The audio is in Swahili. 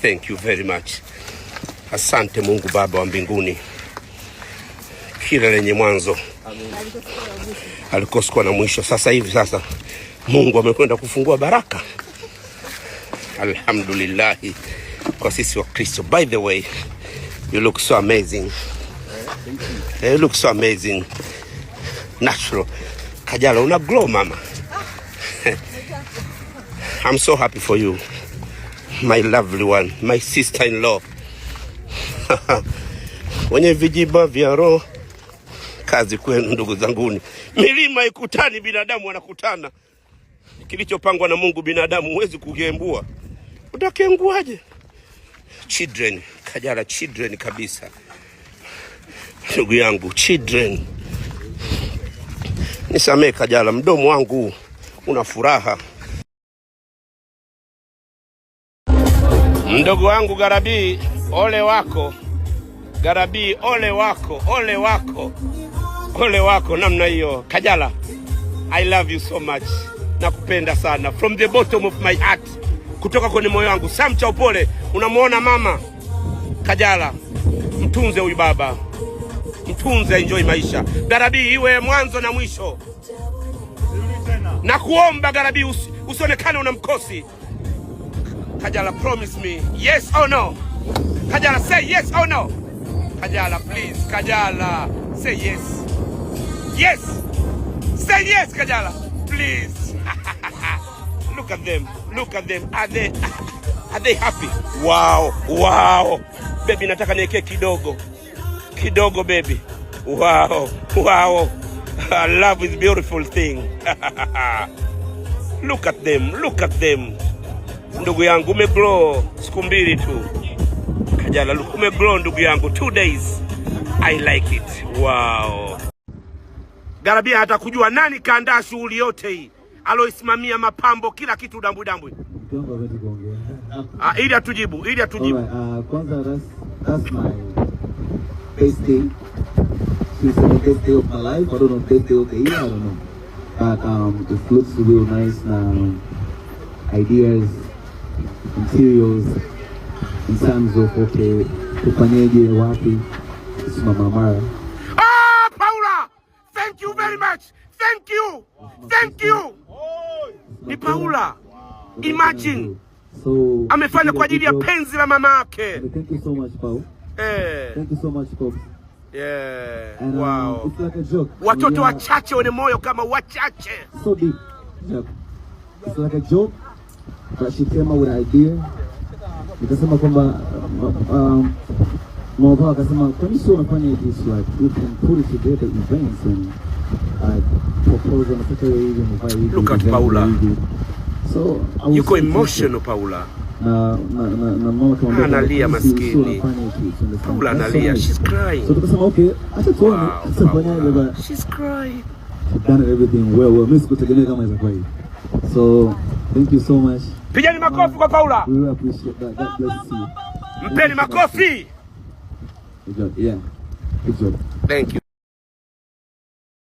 Thank you very much. Asante Mungu Baba wa mbinguni, kila lenye mwanzo alikosikwa na mwisho. Sasa hivi sasa Mungu amekwenda kufungua baraka, alhamdulillahi kwa sisi wa Kristo. By the way, you look so amazing. Eh, you look so amazing. Natural. Kajala, una glow mama. I'm so happy for you my lovely one, my sister in law wenye vijiba vya roho, kazi kwenu ndugu zanguni. Milima ikutani, binadamu wanakutana. Kilichopangwa na Mungu binadamu huwezi kukiembua, utakienguaje? Children, Kajala children kabisa, ndugu yangu children. Nisamee Kajala, mdomo wangu una furaha. Mdogo wangu garabi ole wako garabi ole wako, ole wako, ole wako namna hiyo. Kajala, I love you so much, nakupenda sana from the bottom of my heart, kutoka kwenye moyo wangu. Sam cha upole, unamwona mama Kajala, mtunze huyu baba, mtunze, enjoy maisha. garabi iwe mwanzo na mwisho, nakuomba garabi usionekane una mkosi Kajala, promise me yes or no. Kajala, say yes or no. Kajala, please. Kajala, say yes. Yes. Say yes, Kajala, please. Look at them. Look at them. Are they, are they happy? Wow. Wow. Baby, nataka niwekee kidogo. Kidogo, baby. Wow. Wow. Love is a beautiful thing. Look at them. Look at them ndugu yangu umeblow siku mbili tu Kajala, umeblow ndugu yangu two days. I like it. Wow. Garabia atakujua nani kaandaa shughuli yote hii aloisimamia, mapambo, kila kitu, dambwi dambwi ah, ili atujibu, ili atujibu. Uh, kwanza um, ideas serious in terms of okay, tufanyeje wapi simama mara. Ah, Paula, thank you very much. Thank you. Thank you. Ni Paula. Imagine. So, amefanya kwa ajili ya penzi la mama yake. Thank you so much, Paul. Eh. Thank you so much, Pops. Yeah. And, um, wow. Um, it's like a joke. Watoto wachache wenye moyo kama wachache. So deep. It's like a joke akasema una idea, nikasema kwamba um, akasema kwani sio unafanya this like you can put it together events and uh, Look at Paula. So emotional Paula. kama analia maskini. Paula analia, she's crying. She's crying. Done everything well well. So Thank you so much. Pigeni makofi kwa Paula. We will appreciate that. God bless you. Mpeni makofi. Good job. Yeah. Good job. Thank you.